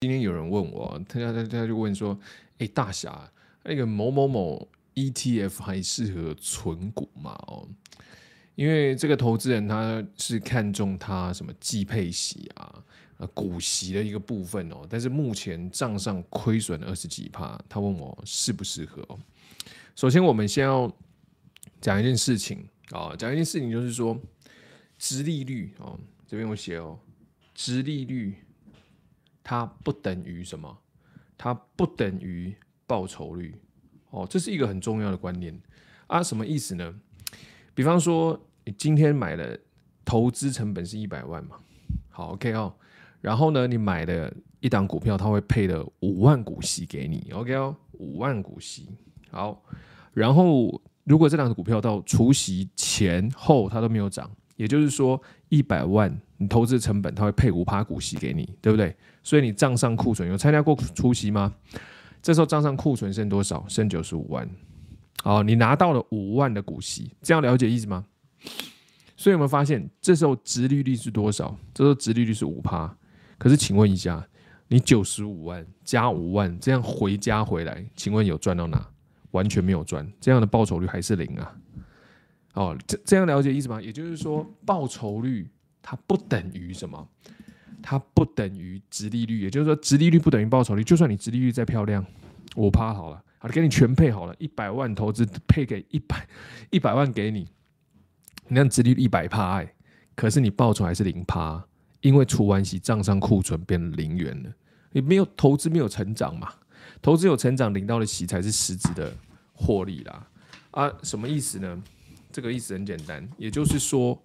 今天有人問我，他他他就問說：“哎、欸，大俠，那個某某某 ETF 還適合存股嗎？哦，因為這個投資人他是看中他什麼季配息啊、股息的一個部分哦，但是目前賬上虧損了二十幾趴。他問我適不適合？首先，我們先要講一件事情啊，講、哦、一件事情就是說，殖利率哦，這邊我寫哦，殖利率。”它不等於什麼？它不等於報酬率哦，這是一個很重要的觀念啊！什麼意思呢？比方說，你今天買的投資成本是一百萬嘛？好，OK 哦。然後呢，你買的一檔股票，它會配的五萬股息給你，OK 哦，五萬股息。好，然後如果這檔股票到除息前後它都沒有漲，也就是說一百萬你投資成本，它會配五趴股息給你，對不對？所以你賬上庫存有參加過除息嗎？這時候賬上庫存剩多少？剩九十五萬。哦，你拿到了五萬的股息，這樣了解意思嗎？所以有沒有發現這時候殖利率是多少？這時候殖利率是五趴。可是請問一下，你九十五萬加五萬這樣回加回來，請問有賺到哪？完全沒有賺，這樣的報酬率還是零啊。哦，這這樣了解意思嗎？也就是說，報酬率它不等於什麼？它不等於殖利率，也就是說，殖利率不等於報酬率。就算你殖利率再漂亮，我趴好了，好了，給你全配好了，一百萬投資配給一百一百萬給你，你那殖利率一百趴哎，欸、可是你報酬還是零趴，因為除完息賬上庫存變零元了，你沒有投資沒有成長嘛，投資有成長領到的息才是實質的獲利啦。啊，什麼意思呢？這個意思很簡單，也就是說。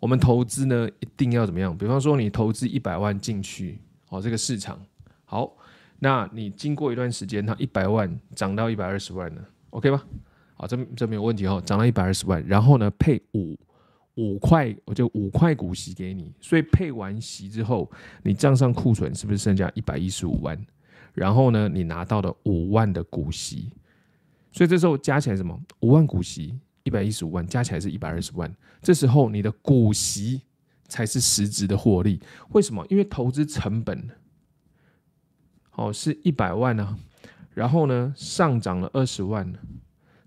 我們投資呢，一定要怎麼樣？比方說，你投資一百萬進去，好，這個市場好，那你經過一段時間，它一百萬漲到一百二十萬呢 OK 吧？好，這這沒有問題哈、哦，漲到一百二十萬，然後呢，配五五塊，我就五塊股息給你，所以配完息之後，你賬上庫存是不是剩下一百一十五萬？然後呢，你拿到了五萬的股息，所以這時候加起來什麼？五萬股息。一百一十五萬加起來是一百二十萬，這時候你的股息才是實質的獲利。為什麼？因為投資成本，哦，是一百萬呢、啊，然後呢上漲了二十萬，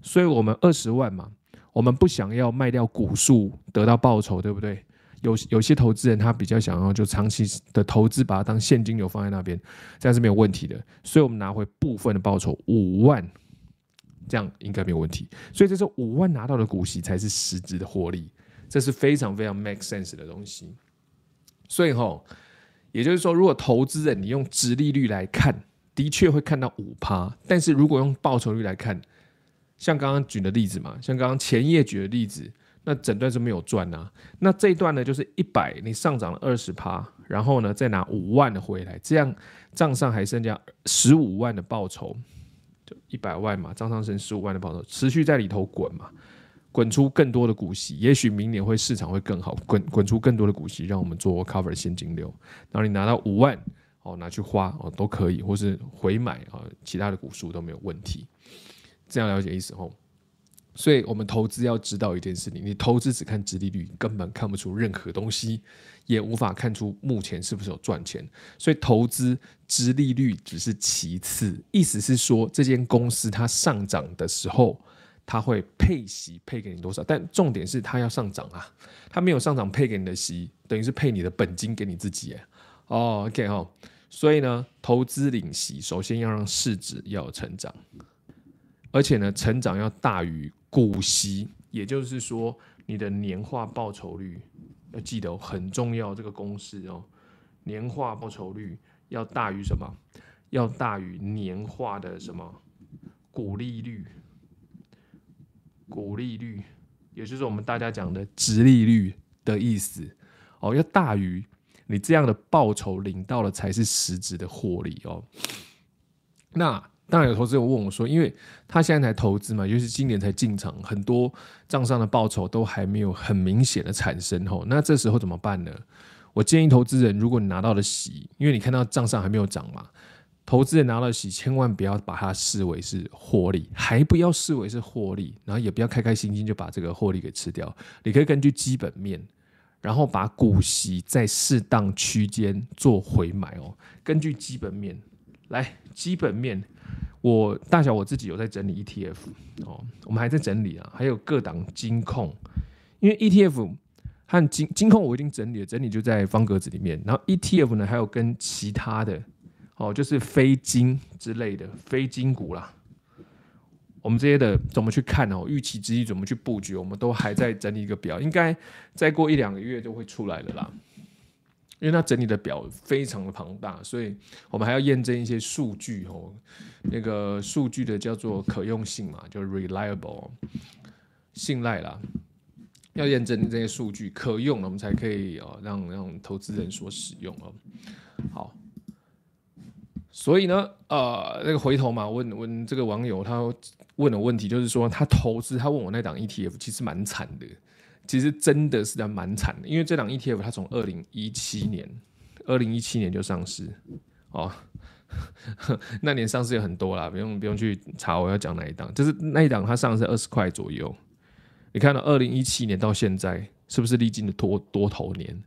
所以我們二十萬嘛，我們不想要賣掉股數得到報酬，對不對？有有些投資人他比較想要就長期的投資，把它當現金流放在那邊，這樣是沒有問題的。所以我們拿回部分的報酬五萬。這樣應該沒有問題，所以這是五萬拿到的股息才是實質的獲利，這是非常非常 make sense 的東西。所以吼，也就是說，如果投資人你用殖利率來看，的確會看到五趴，但是如果用報酬率來看，像剛剛舉的例子嘛，像剛剛前夜舉的例子，那整段是沒有賺吶、啊。那這一段呢，就是一百你上漲了二十趴，然後呢再拿五萬的回來，這樣賬上還剩下十五萬的報酬。一百萬嘛，賬上剩十五萬的報酬，持續在裡頭滾嘛，滾出更多的股息，也許明年會市場會更好，滾滾出更多的股息，讓我們做 cover 的現金流。然後你拿到五萬哦，拿去花哦都可以，或是回買啊、哦，其他的股數都沒有問題。這樣了解意思吼？所以我們投資要知道一件事情，你投資只看殖利率，根本看不出任何東西。也無法看出目前是不是有賺錢，所以投資殖利率只是其次。意思是說，這間公司它上漲的時候，它會配息配給你多少？但重點是它要上漲啊，它沒有上漲配給你的息，等於是配你的本金給你自己。哦、oh,，OK 哦、oh，所以呢，投資領息首先要讓市值要有成長，而且呢，成長要大於股息，也就是說你的年化報酬率。要記得哦，很重要的這個公式哦，年化報酬率要大於什麼？要大於年化的什麼股利率？股利率，也就是我們大家講的殖利率的意思哦，要大於你這樣的報酬領到了才是實質的獲利哦。那。當然，有投資人問我說：“因為他現在才投資嘛，尤其今年才進場，很多賬上的報酬都還沒有很明顯的產生吼。那這時候怎麼辦呢？我建議投資人，如果你拿到了息，因為你看到賬上還沒有漲嘛，投資人拿到息，千萬不要把它視為是獲利，還不要視為是獲利，然後也不要開開心心就把這個獲利給吃掉。你可以根據基本面，然後把股息在適當區間做回買哦。根據基本面來，基本面。”我大俠我自己有在整理 ETF 哦，我們還在整理啊，還有各檔金控，因為 ETF 和金，金控我已經整理了，整理就在方格子裡面。然後 ETF 呢，還有跟其他的哦，就是非金之類的非金股啦，我們這些的怎麼去看哦、啊？預期殖利率怎麼去布局？我們都還在整理一個表，應該再過一兩個月就會出來了啦。因為它整理的表非常的龐大，所以我們還要驗證一些數據哦，那個數據的叫做可用性嘛，就 reliable，信賴啦，要驗證這些數據可用，我們才可以哦讓讓投資人所使用哦。好，所以呢，呃，那個回頭嘛，問問這個網友他問的問題就是說他投資他問我那檔 ETF，其實蠻慘的。其實真的是在蠻慘的，因為這檔 ETF 它從二零一七年，二零一七年就上市哦，那年上市也很多啦，不用不用去查我要講哪一檔，就是那一檔它上市二十塊左右，你看到二零一七年到現在，是不是歷經了多多頭年？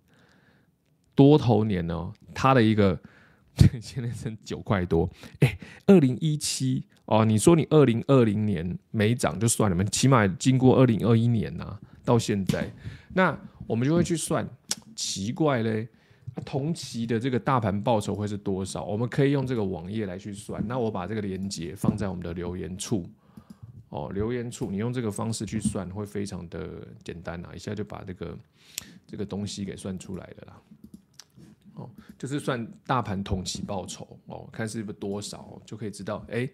多頭年哦，它的一個現在剩九塊多，哎、欸，二零一七。哦，你說你二零二零年沒漲就算了嘛，你們起碼經過二零二一年吶、啊，到現在，那我們就會去算，奇怪嘞，啊、同期的這個大盤報酬會是多少？我們可以用這個網頁來去算，那我把這個連接放在我們的留言處哦，留言處你用這個方式去算會非常的簡單吶、啊，一下就把這個這個東西給算出來了啦，哦，就是算大盤同期報酬哦，看是不是多少就可以知道，哎。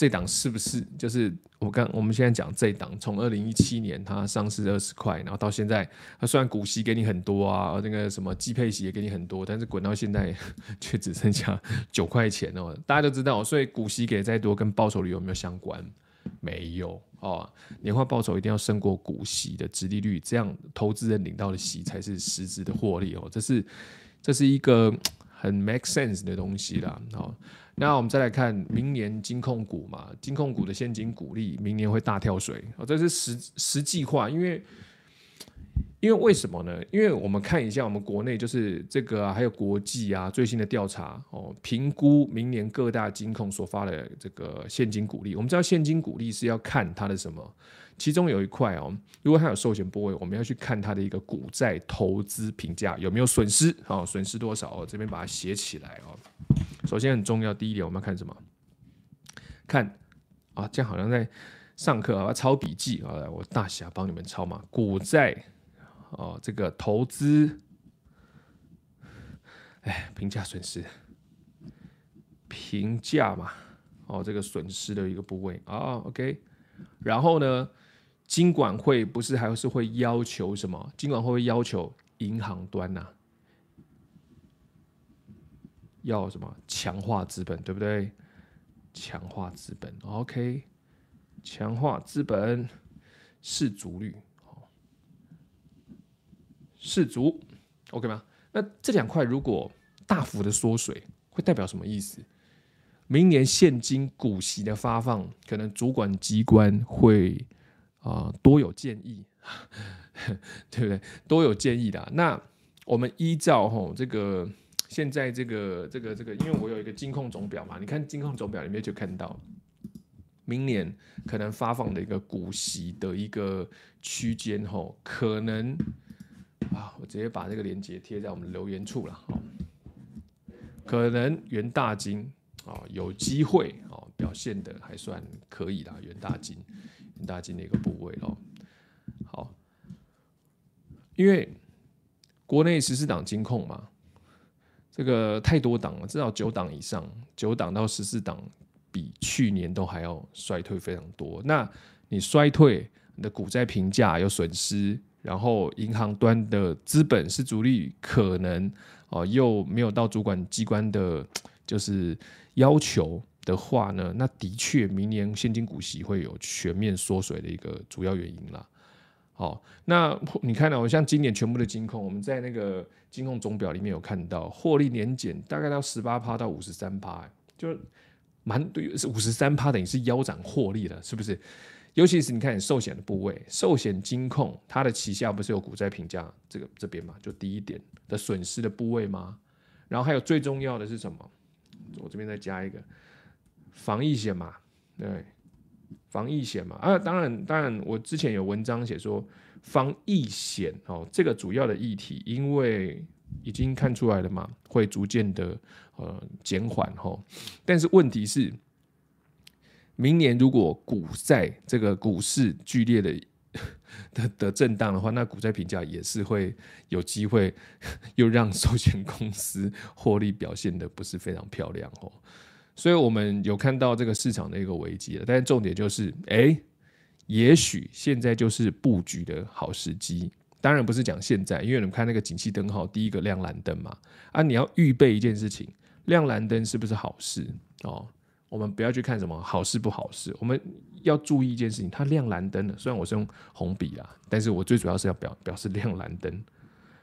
這檔是不是就是我剛我們現在講這檔？從二零一七年它上市二十塊，然後到現在，它雖然股息給你很多啊，那個什麼季配息也給你很多，但是滾到現在卻只剩下九塊錢哦。大家都知道，所以股息給再多跟報酬率有沒有相關？沒有哦。年化報酬一定要勝過股息的殖利率，這樣投資人領到的息才是實質的獲利哦。這是，這是一個很 make sense 的東西啦哦。那我們再來看明年金控股嘛，金控股的現金股利明年會大跳水哦，這是實實際化，因為因為為什麼呢？因為我們看一下我們國內就是這個、啊、還有國際啊最新的調查哦，評估明年各大金控所發的這個現金股利，我們知道現金股利是要看它的什麼。其中有一塊哦，如果它有壽險部位，我們要去看它的一個股債投資評價有沒有損失哦，損失多少？哦，這邊把它寫起來哦。首先很重要，第一點我們要看什麼？看啊、哦，這樣好像在上課啊，要抄筆記啊。我大俠幫你們抄嘛？股債哦，這個投資哎，評價損失評價嘛？哦，這個損失的一個部位啊、哦。OK，然後呢？金管會不是還是會要求什麼？金管會會要求銀行端吶、啊，要什麼？強化資本，對不對？強化資本，OK，強化資本，適、OK、足率，適足，OK 嗎？那這兩塊如果大幅的縮水，會代表什麼意思？明年現金股息的發放，可能主管機關會。啊、呃，多有建議，呵呵，對不對？都有建議的。那我們依照吼，這個現在這個這個這個，因為我有一個金控總表嘛，你看金控總表裡面就看到，明年可能發放的一個股息的一個區間吼，可能啊，我直接把這個連結貼在我們留言處了，哦，可能元大金啊，哦，有機會啊，哦，表現的還算可以啦，元大金。大金的一個部位哦，好，因為國內十四檔金控嘛，這個太多檔了，至少九檔以上，九檔到十四檔比去年都還要衰退非常多。那你衰退，你的股債評價有損失，然後銀行端的資本適足率可能啊又沒有到主管機關的，就是要求。的話呢，那的確，明年現金股息會有全面縮水的一個主要原因了。好，那你看到、啊、我像今年全部的金控，我們在那個金控總表裡面有看到，獲利年減大概到十八趴到五十三趴，就蠻多，五十三趴等於是腰斬獲利了，是不是？尤其是你看你壽險的部位，壽險金控它的旗下不是有股債評價這個這邊嘛，就低一點的損失的部位嗎？然後還有最重要的是什麼？我這邊再加一個。防疫險嘛，對，防疫險嘛啊，當然，當然，我之前有文章寫說，防疫險哦，這個主要的議題，因為已經看出來了嘛，會逐漸的呃減緩哦。但是問題是，明年如果股債這個股市劇烈的的的震盪的話，那股債評價也是會有機會，又讓壽險公司獲利表現得不是非常漂亮哦。所以我們有看到這個市場的一個危機了，但是重點就是，哎，也許現在就是布局的好時機。當然不是講現在，因為你們看那個景氣燈號，第一個亮藍燈嘛。啊，你要預備一件事情，亮藍燈是不是好事？哦，我們不要去看什麼好事不好事，我們要注意一件事情，它亮藍燈了。雖然我是用紅筆啦、啊，但是我最主要是要表表示亮藍燈。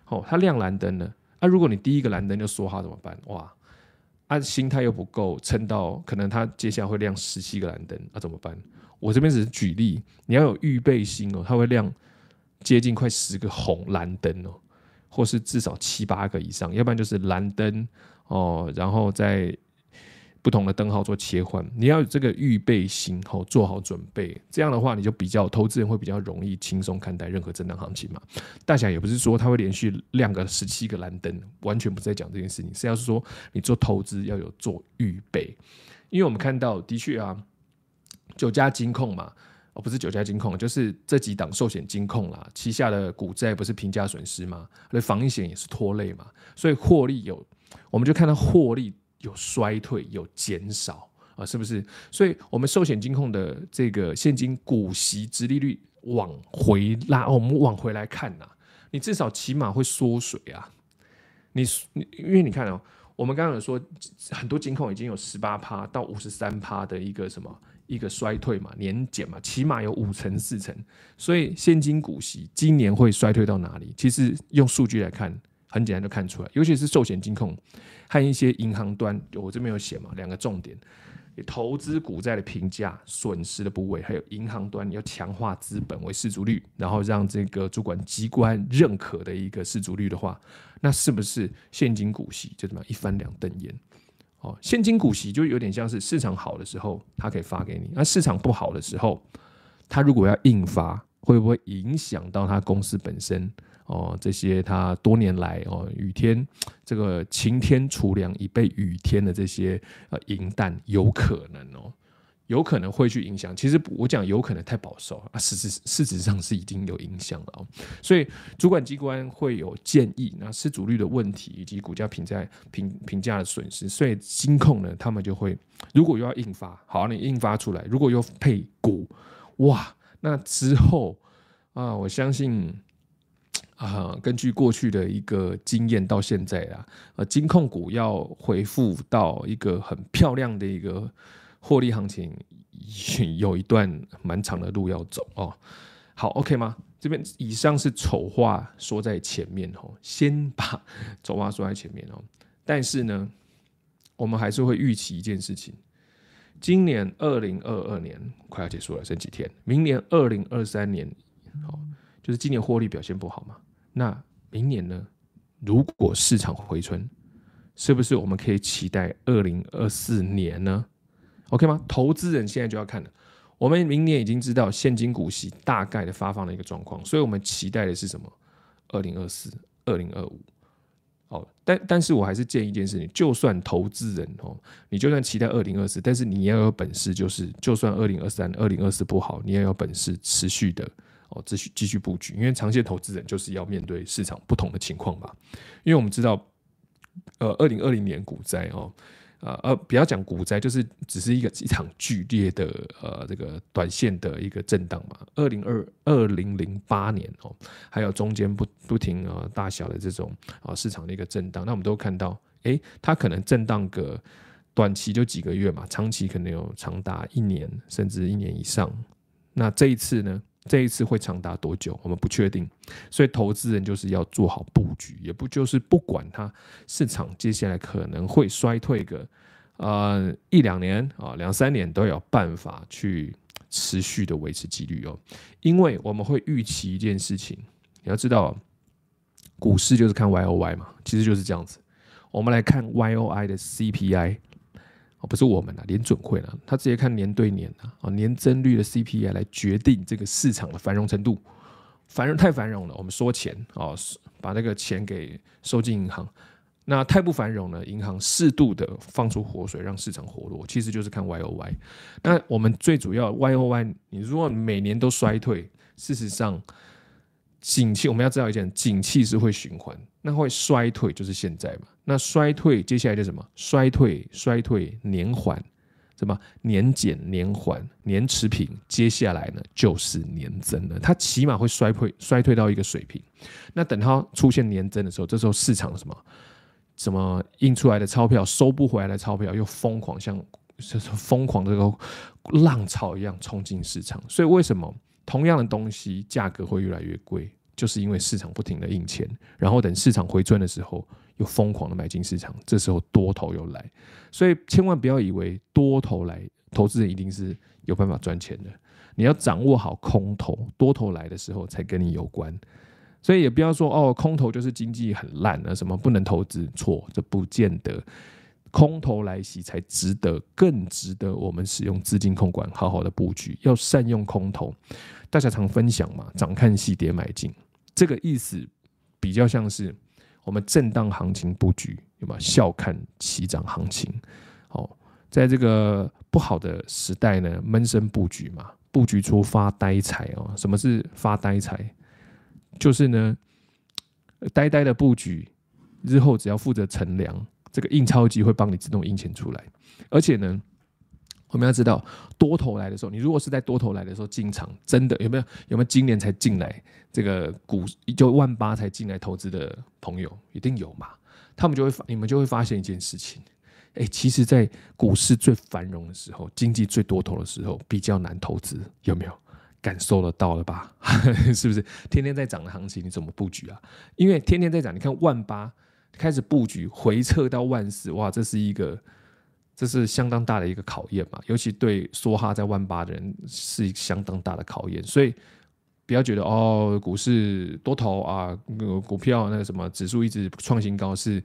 哦，它亮藍燈了，那、啊、如果你第一個藍燈就梭哈怎麼辦？哇！他、啊、心態又不夠，撐到可能他接下來會亮十七個藍燈，那、啊、怎麼辦？我這邊只是舉例，你要有預備心哦，他會亮接近快十個紅藍燈哦，或是至少七八個以上，要不然就是藍燈哦，然後再。不同的燈號做切換，你要有這個預備心，好、哦、做好準備。這樣的話，你就比較投資人會比較容易輕鬆看待任何震盪行情嘛。大俠也不是說他會連續亮個十七個藍燈，完全不在講這件事情。是要說你做投資要有做預備，因為我們看到的確啊，九家金控嘛，哦不是九家金控，就是這幾檔壽險金控啦，旗下的股債不是評價損失嘛，對，防疫險也是拖累嘛，所以獲利有，我們就看到獲利。有衰退，有減少啊，是不是？所以，我們壽險金控的這個現金股息殖利率往回拉，哦，我們往回來看吶、啊，你至少起碼會縮水啊。你你，因為你看哦，我們剛才有說，很多金控已經有十八趴到五十三趴的一個什麼一個衰退嘛，年減嘛，起碼有五成四成。所以，現金股息今年會衰退到哪裡？其實用數據來看，很簡單就看出來，尤其是壽險金控。和一些銀行端，我、哦、這邊有寫嘛，兩個重點：投資股債的評價、損失的部位，還有銀行端，你要強化資本為適足率，然後讓這個主管機關認可的一個適足率的話，那是不是現金股息就怎麼樣一翻兩瞪眼？哦，現金股息就有點像是市場好的時候它可以發給你，那市場不好的時候，它如果要應發，會不會影響到它公司本身？哦，這些他多年來哦，雨天這個晴天儲糧以備雨天的這些呃銀彈，有可能哦，有可能會去影響。其實我講有可能太保守啊，事實事實上是已經有影響了哦。所以主管機關會有建議，那適足率的問題以及股價評價評評價的損失，所以金控呢，他們就會如果又要印发，好，你印发出來；如果要配股，哇，那之後啊、呃，我相信。啊、呃，根據過去的一個經驗，到現在啊，呃，金控股要回復到一個很漂亮的一個獲利行情，有一段蠻長的路要走哦。好，OK 嗎？這邊以上是醜話說在前面哦，先把醜話說在前面哦。但是呢，我們還是會預期一件事情，今年二零二二年快要結束了，剩幾天，明年二零二三年，哦，就是今年獲利表現不好嘛。那明年呢？如果市場回春，是不是我們可以期待二零二四年呢？OK 嗎？投資人現在就要看了。我們明年已經知道現金股息大概的發放的一個狀況，所以我們期待的是什麼？二零二四、二零二五。好，但但是我還是建議一件事情，就算投資人哦，你就算期待二零二四，但是你要有本事，就是，就是就算二零二三、二零二四不好，你也要有本事持續的。哦，繼續繼續布局，因為長線投資人就是要面對市場不同的情況嘛。因為我們知道，呃，二零二零年股災哦，呃呃，不要講股災，就是只是一個一場劇烈的呃這個短線的一個震盪嘛。二零二二零零八年哦，還有中間不不停啊、呃、大小的這種啊、呃、市場的一個震盪，那我們都看到，誒、欸，它可能震盪個短期就幾個月嘛，長期可能有長達一年甚至一年以上。那這一次呢？這一次會長達多久？我們不確定，所以投資人就是要做好布局，也不就是不管它市場接下來可能會衰退個呃一兩年啊、哦、兩三年都有辦法去持續的維持幾率哦，因為我們會預期一件事情，你要知道股市就是看 Y O Y 嘛，其實就是這樣子。我們來看 Y O Y 的 C P I。哦，不是我們了，聯準會了，他直接看年對年啊，哦，年增率的 CPI 來決定這個市場的繁榮程度。繁榮太繁榮了，我們縮錢啊、哦，把那個錢給收進銀行。那太不繁榮呢，銀行適度的放出活水，讓市場活絡，其實就是看 YOY。那我們最主要 YOY，你如果每年都衰退，事實上，景氣我們要知道一件，景氣是會循環。那會衰退，就是現在嘛。那衰退，接下來就什麼？衰退，衰退，年緩，什麼？年減，年緩，年持平。接下來呢，就是年增了。它起碼會衰退，衰退到一個水平。那等它出現年增的時候，這時候市場什麼？什麼印出來的鈔票，收不回來的鈔票，又瘋狂像瘋狂這個浪潮一樣衝進市場。所以為什麼同樣的東西價格會越來越貴？就是因為市場不停的印錢，然後等市場回轉的時候，又瘋狂的買進市場，這時候多頭又來，所以千萬不要以為多頭來，投資人一定是有辦法賺錢的。你要掌握好空頭，多頭來的時候才跟你有關。所以也不要說哦，空頭就是經濟很爛啊，什麼不能投資，錯，這不見得。空頭來襲才值得，更值得我們使用資金控管，好好的布局，要善用空頭。大家常分享嘛，漲看戲跌買進。這個意思比較像是我們震盪行情布局，對，有沒有？笑看起漲行情，好、哦，在這個不好的時代呢，悶聲布局嘛，布局出發呆財哦。什麼是發呆財？就是呢，呆呆的布局，日後只要負責乘涼，這個印鈔機會幫你自動印錢出來，而且呢。我們要知道，多頭來的時候，你如果是在多頭來的時候進場，真的有沒有有沒有今年才進來這個股就萬八才進來投資的朋友，一定有嘛？他們就會發你們就會發現一件事情，誒、欸，其實，在股市最繁榮的時候，經濟最多頭的時候，比較難投資，有沒有感受得到了吧？ 是不是天天在漲的行情，你怎麼布局啊？因為天天在漲，你看萬八開始布局回撤到萬四，哇，這是一個。這是相當大的一個考驗嘛，尤其對梭哈在萬八的人是相當大的考驗，所以不要覺得哦，股市多頭啊，股票那個什麼指數一直創新高，是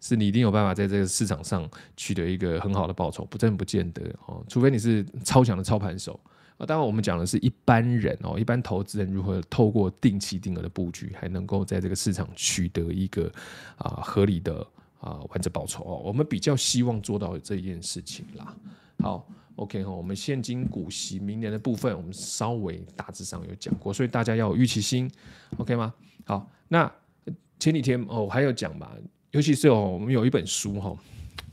是你一定有辦法在這個市場上取得一個很好的報酬，不真不見得哦，除非你是超強的操盤手啊。當然，我們講的是一般人哦，一般投資人如何透過定期定額的布局，還能夠在這個市場取得一個啊合理的。啊，完整報酬哦！我們比較希望做到這件事情啦。好，OK 哈、哦，我們現金股息明年的部分，我們稍微大致上有講過，所以大家要有預期心，OK 嗎？好，那前幾天哦，我還有講吧，尤其是哦，我們有一本書哈、哦，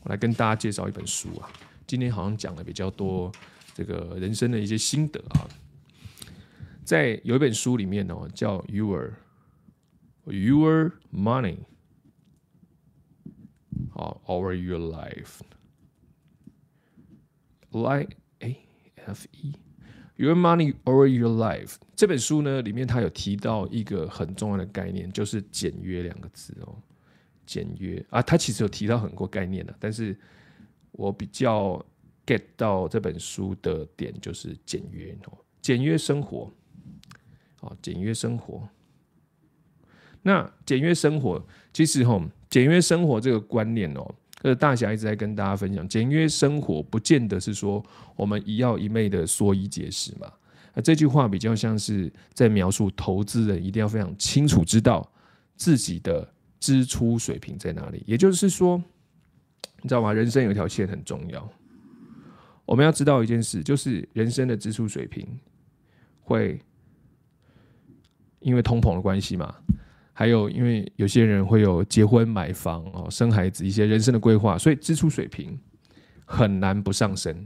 我來跟大家介紹一本書啊。今天好像講了比較多這個人生的一些心得啊，在有一本書裡面哦，叫《Your Your Money》。Over your life, Like A F E. Your money over your life 這本書呢，裡面它有提到一個很重要的概念，就是簡約兩個字哦。簡約啊，它其實有提到很多概念的，但是我比較 get 到這本書的點就是簡約哦，簡約生活。哦，簡約生活。那簡約生活其實吼、哦。簡約生活這個觀念哦，呃，大俠一直在跟大家分享，簡約生活不見得是說我們一要一昧的縮衣節食嘛。那這句話比較像是在描述投資人一定要非常清楚知道自己的支出水平在哪裡。也就是說，你知道嗎？人生有一條線很重要，我們要知道一件事，就是人生的支出水平會因為通膨的關係嘛。還有，因為有些人會有結婚、買房哦、生孩子一些人生的規劃，所以支出水平很難不上升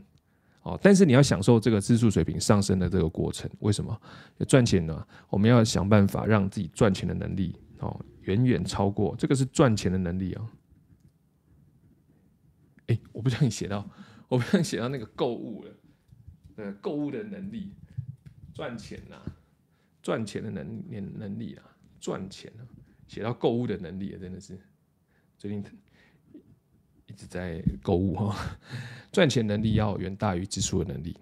哦。但是你要享受這個支出水平上升的這個過程。為什麼？賺錢呢、啊？我們要想辦法讓自己賺錢的能力哦遠遠超過這個是賺錢的能力哦、啊。哎，我不想你寫到，我不想寫到那個購物了。呃、那個，購物的能力，賺錢吶、啊，賺錢的能能能力啊。賺錢啊，寫到購物的能力啊，真的是最近一直在購物哦。賺錢能力要遠大於支出的能力，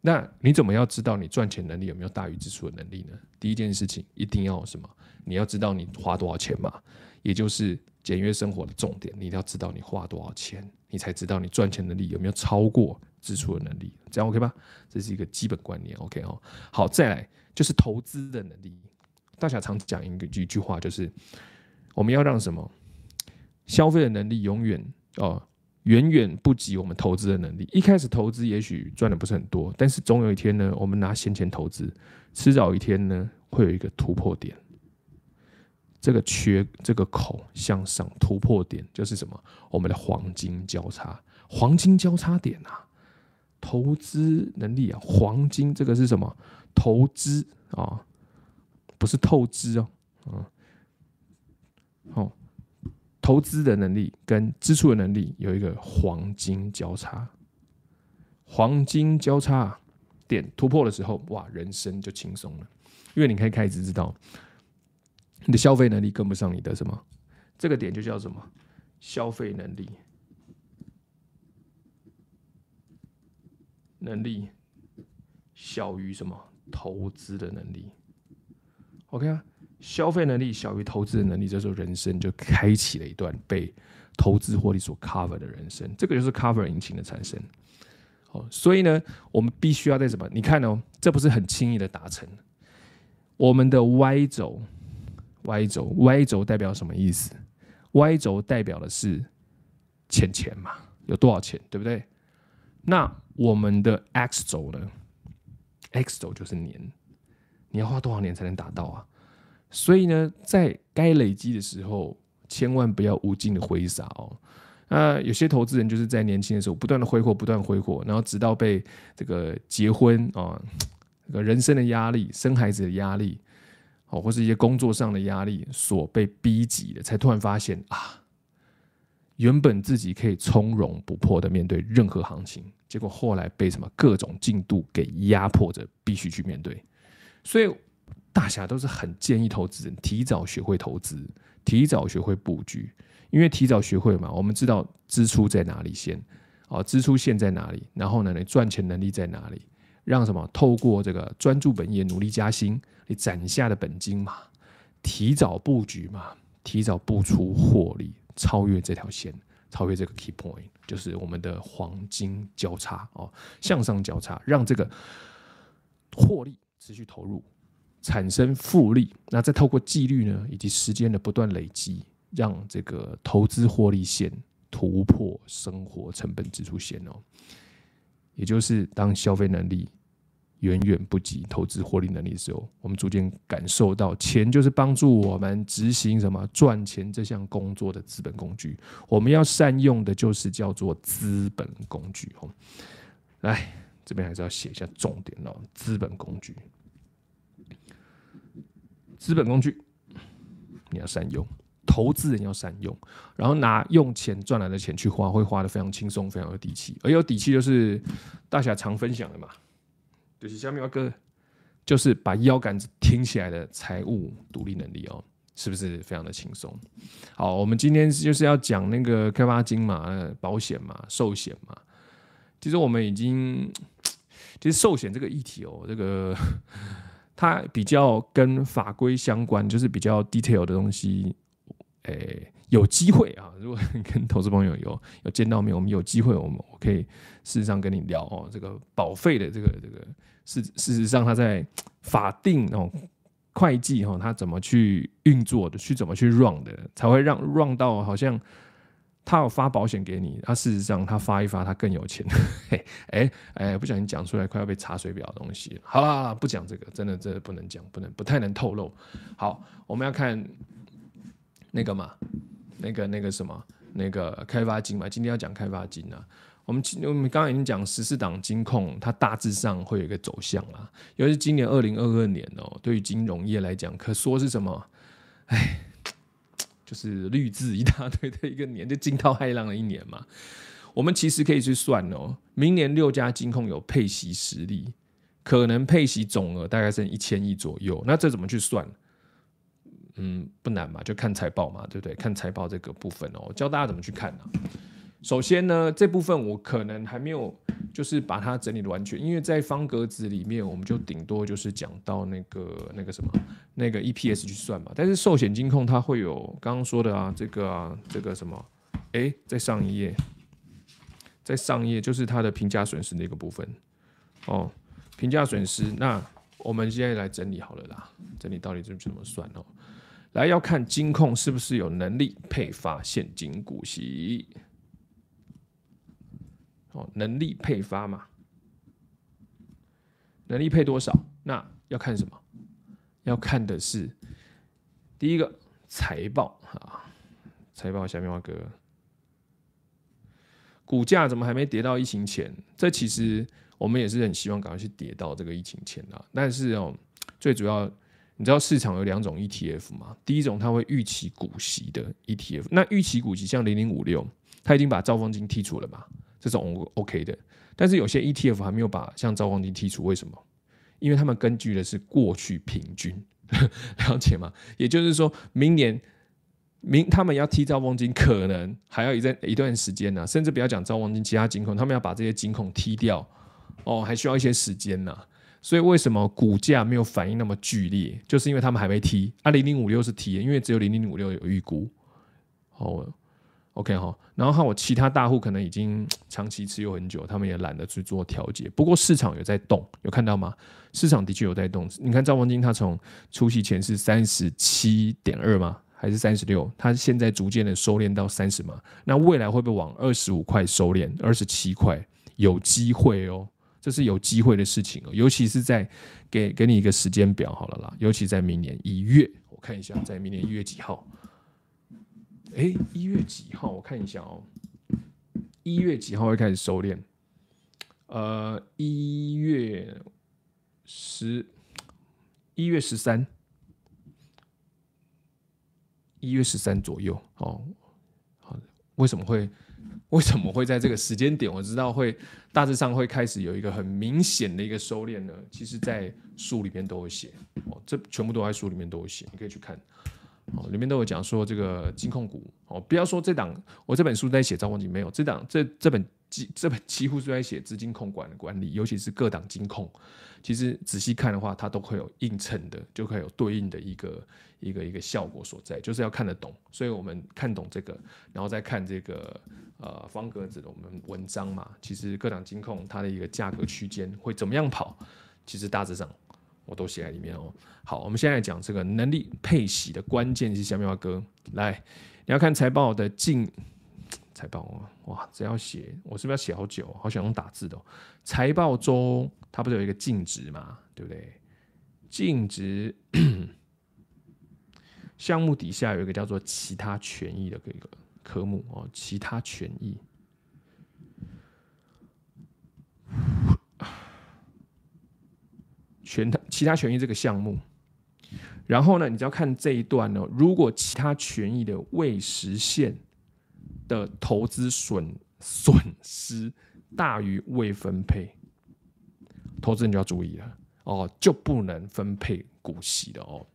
那你怎麼要知道你賺錢能力有沒有大於支出的能力呢？第一件事情一定要什麼？你要知道你花多少錢嘛，也就是簡約生活的重點，你一定要知道你花多少錢，你才知道你賺錢能力有沒有超過支出的能力，這樣 OK 吧？這是一個基本觀念，OK 哦，好，再來就是投資的能力。大俠常講一個一句話，就是我們要讓什麼消費的能力永遠哦、呃、遠遠不及我們投資的能力。一開始投資也許賺的不是很多，但是總有一天呢，我們拿閒錢投資，遲早一天呢會有一個突破點。這個缺這個口向上突破點就是什麼？我們的黃金交叉，黃金交叉點啊，投資能力啊，黃金這個是什麼？投資啊。呃不是透支哦，嗯，好、哦，投資的能力跟支出的能力有一個黃金交叉，黃金交叉點突破的時候，哇，人生就輕鬆了，因為你可以開始知道你的消費能力跟不上你的什麼，這個點就叫什麼消費能力能力小於什麼投資的能力。OK 啊，消費能力小於投資的能力，這時候人生就開啟了一段被投資獲利所 cover 的人生，這個就是 cover 引擎的產生。哦，所以呢，我們必須要在什麼？你看哦，這不是很輕易的達成。我們的 Y 軸，Y 軸，Y 軸代表什麼意思？Y 軸代表的是錢錢嘛，有多少錢，對不對？那我們的 X 軸呢？X 軸就是年。你要花多少年才能達到啊？所以呢，在該累積的時候，千萬不要無盡的揮灑哦。那有些投資人就是在年輕的時候不斷的揮霍，不斷的揮霍，然後直到被這個結婚啊、哦、這個人生的壓力、生孩子的壓力，哦，或是一些工作上的壓力所被逼急了，才突然發現啊，原本自己可以從容不迫的面對任何行情，結果後來被什麼各種進度給壓迫着，必須去面對。所以，大俠都是很建議投資人提早學會投資，提早學會布局，因為提早學會嘛，我們知道支出在哪裡先，哦，支出線在哪裡，然後呢，你賺錢能力在哪裡，讓什麼透過這個專注本業努力加薪，你攢下的本金嘛，提早布局嘛，提早步出獲利，超越這條線，超越這個 key point，就是我們的黃金交叉哦，向上交叉，讓這個獲利。持續投入，產生複利，那再透過紀律呢，以及時間的不斷累積，讓這個投資獲利線突破生活成本支出線哦。也就是當消費能力遠遠不及投資獲利能力的時候，我們逐漸感受到，錢就是幫助我們執行什麼賺錢這項工作的資本工具。我們要善用的，就是叫做資本工具哦。來。這邊還是要寫一下重點哦，資本工具，資本工具你要善用，投資人要善用，然後拿用錢賺來的錢去花，會花得非常輕鬆，非常有底氣。而有底氣就是大俠常分享的嘛，就是下面一個，就是把腰桿子挺起來的財務獨立能力哦，是不是非常的輕鬆？好，我們今天就是要講那個開發金嘛、那個、保險嘛、壽險嘛，其實我們已經。其實壽險這個議題哦，這個它比較跟法規相關，就是比較 detail 的東西。誒，有機會啊，如果跟投資朋友有有見到面，我們有機會，我們我可以事實上跟你聊哦，這個保費的這個這個事，事實上他在法定哦會計哦，他怎麼去運作的，去怎麼去 run 的，才會讓 run 到好像。他有發保險給你，他、啊、事實上他發一發，他更有錢。嘿，哎、欸欸、不小心講出來，快要被查水表的東西了。好了好了，不講這個，真的，真的不能講，不能，不太能透露。好，我們要看那個嘛，那個那個什麼，那個開發金嘛，今天要講開發金啊。我們我們剛剛已經講十四檔金控，它大致上會有一個走向啦、啊。尤其是今年二零二二年哦、喔，對於金融業來講，可說是什麼？哎。就是綠字一大堆的一個年，就驚濤駭浪的一年嘛。我們其實可以去算哦，明年六家金控有配息實力，可能配息總額大概是一千億左右。那這怎麼去算？嗯，不難嘛，就看財報嘛，對不對？看財報這個部分哦，我教大家怎麼去看啊？首先呢，這部分我可能還沒有。就是把它整理完全，因為在方格子裡面，我們就頂多就是講到那個那個什麼那個 EPS 去算嘛。但是壽險金控它會有剛剛說的啊，這個啊這個什麼，誒，在上一頁，在上一頁就是它的評價損失那個部分哦，評價損失。那我們現在來整理好了啦，整理到底怎麼怎麼算哦？來要看金控是不是有能力配發現金股息。能力配發嘛？能力配多少？那要看什麼？要看的是第一個財報啊！財報下面，華哥，股價怎麼還沒跌到疫情前？這其實我們也是很希望趕快去跌到這個疫情前的、啊。但是哦、喔，最主要你知道市場有兩種 ETF 嗎？第一種它會預期股息的 ETF，那預期股息像零零五六，它已經把兆豐金剔除了嘛？這是 O OK 的，但是有些 ETF 還沒有把像兆豐金剔除，為什麼？因為他們根據的是過去平均，呵呵了解嗎？也就是說明年，明他們要剔兆豐金，可能還要一段一段時間呢、啊，甚至不要講兆豐金，其他金控他們要把這些金控剔掉，哦，還需要一些時間呢、啊。所以為什麼股價沒有反應那麼劇烈？就是因為他們還沒剔，啊，零零五六是剔的，因為只有零零五六有預估，哦。OK 哈，然後我其他大戶可能已經長期持有很久，他們也懶得去做調節。不過市場有在動，有看到嗎？市場的確有在動。你看兆豐金，他從除息前是三十七點二嗎？還是三十六？他現在逐漸的收斂到三十嗎？那未來會不會往二十五塊收斂？二十七塊有機會哦，這是有機會的事情哦。尤其是在給給你一個時間表，好了啦。尤其在明年一月，我看一下，在明年一月幾號。哎，一月幾號？我看一下哦。一月幾號會開始收斂？呃，一月十，一月十三，一月十三左右哦。好，為什麼會為什麼會在這個時間點？我知道會大致上會開始有一個很明顯的一個收斂呢？其實，在書裡面都有寫哦，這全部都在書裡面都有寫，你可以去看。哦，裡面都有講說這個金控股哦，不要說這檔，我這本書在寫光景，沒有這檔這這本幾這本幾乎是在寫資金控管的管理，尤其是各檔金控，其實仔細看的話，它都會有映襯的，就會有對應的一個一個一個效果所在，就是要看得懂，所以我們看懂這個，然後再看這個呃方格子的我們文章嘛，其實各檔金控它的一個價格區間會怎麼樣跑，其實大致上。我都寫在裡面哦、喔。好，我們現在講這個能力配息的關鍵是下面要哥，來，你要看財報的淨財報哦。哇，這要寫，我是不是要寫好久、喔？好想用打字的。哦。財報中，它不是有一個淨值嘛？對不對？淨值項目底下有一個叫做其他權益的一個科目哦，其他權益。權他其他權益這個項目，然後呢，你只要看這一段呢、哦，如果其他權益的未實現的投資損損失大於未分配投資，你就要注意了哦，就不能分配股息的哦。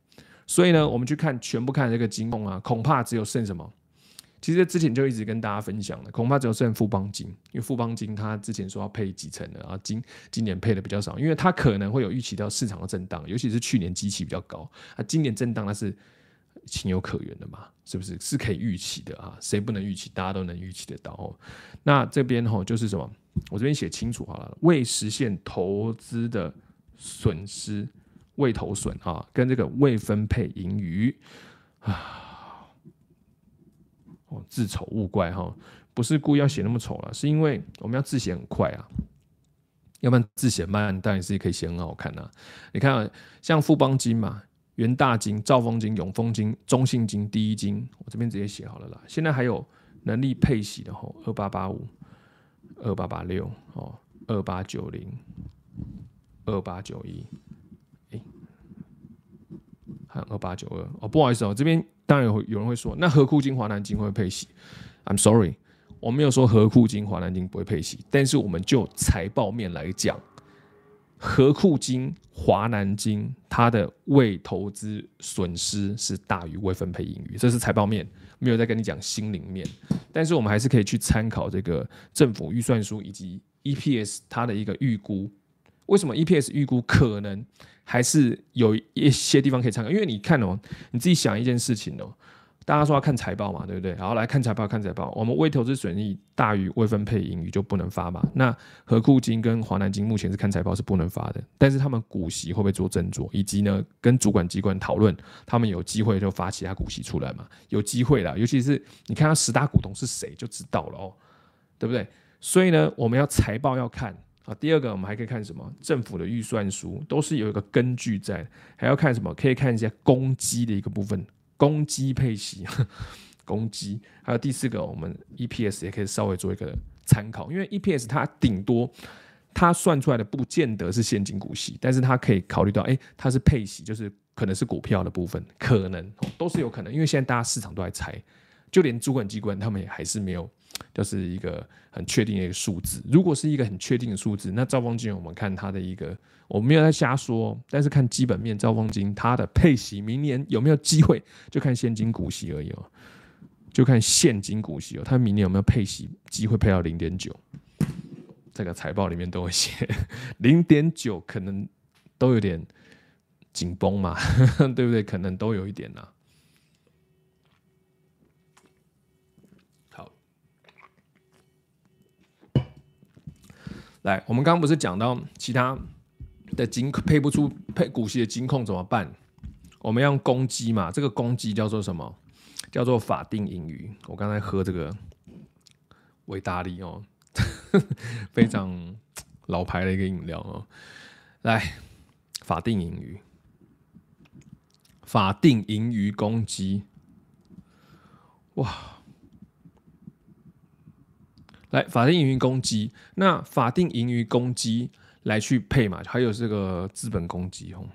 所以呢，我們去看全部看這個金控啊，恐怕只有剩什麼？其實之前就一直跟大家分享了，恐怕只有算富邦金，因為富邦金他之前說要配幾成的，然後今今年配的比較少，因為他可能會有預期到市場的震盪，尤其是去年基期比較高，那、啊、今年震盪它是情有可原的嘛，是不是？是可以預期的啊，誰不能預期，大家都能預期得到。那這邊吼就是什麼，我這邊寫清楚好了，未實現投資的損失、未投損啊，跟這個未分配盈餘啊。字醜勿怪哈，不是故意要寫那麼醜了，是因為我們要字寫很快啊，要不然字寫慢，但你自己可以寫很好看吶、啊。你看啊，像富邦金嘛、元大金、兆豐金、永豐金、中信金、第一金，我這邊直接寫好了啦。現在還有能力配息的吼，二八八五、二八八六、哦，二八九零、二八九一，誒，還有二八九二哦，不好意思哦，這邊。當然有有人會說，那合庫金、華南金會配息？I'm sorry，我沒有說合庫金、華南金不會配息，但是我們就財報面來講，合庫金、華南金它的未投資損失是大於未分配盈餘，這是財報面，沒有在跟你講心靈面，但是我們還是可以去參考這個政府預算書以及 EPS 它的一個預估。為什麼 EPS 預估可能還是有一些地方可以參考？因為你看哦，你自己想一件事情哦，大家說要看財報嘛，對不對？然後來看財報，看財報，我們未投資損益大於未分配盈餘就不能發嘛。那合庫金跟華南金目前是看財報是不能發的，但是他們股息會不會做斟酌，以及呢，跟主管機關討論，他們有機會就發其他股息出來嘛？有機會啦，尤其是你看它十大股東是誰就知道了哦，對不對？所以呢，我們要財報要看。啊，第二個我們還可以看什麼？政府的預算書都是有一個根據在，還要看什麼？可以看一下公積的一個部分，公積配息，呵呵公積。還有第四個，我們 EPS 也可以稍微做一個參考，因為 EPS 它頂多它算出來的不見得是現金股息，但是它可以考慮到，誒、欸，它是配息，就是可能是股票的部分，可能、喔、都是有可能，因為現在大家市場都在猜，就連主管機關他們也還是沒有。就是一個很確定的一個數字。如果是一個很確定的數字，那兆豐金我們看它的一個，我沒有在瞎說，但是看基本面，兆豐金它的配息明年有沒有機會，就看現金股息而已哦。就看現金股息哦，它明年有沒有配息機會配到零點九？這個財報裡面都會寫，零點九可能都有點緊繃嘛，對不對？可能都有一點吶、啊。來，我們剛剛不是講到其他的金配不出配股息的金控怎麼辦？我們要用公積嘛，這個公積叫做什麼？叫做法定盈餘。我剛才喝這個維大力哦， 非常老牌的一個飲料哦。來，法定盈餘，法定盈餘公積，哇！來，法定盈餘公積，那法定盈餘公積來去配嘛，還有這個資本公積吼、哦，